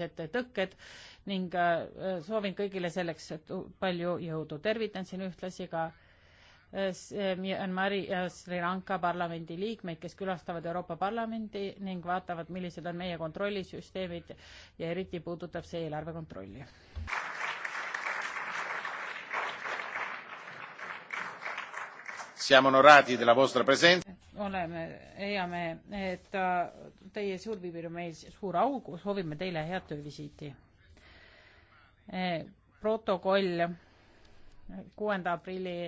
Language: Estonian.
ajutised tõkked ning äh, soovin kõigile selleks palju jõudu. tervitan siin ühtlasi ka äh, äh, Myanmari ja Sri Lanka parlamendi liikmeid, kes külastavad Euroopa Parlamendi ning vaatavad, millised on meie kontrollisüsteemid ja eriti puudutab see eelarve kontrolli. siamo onorati della vostra presenza oleme, leiame, et äh, teie suur viibimine on meil suur au, soovime teile head töövisiiti. Eh, protokoll kuuenda aprilli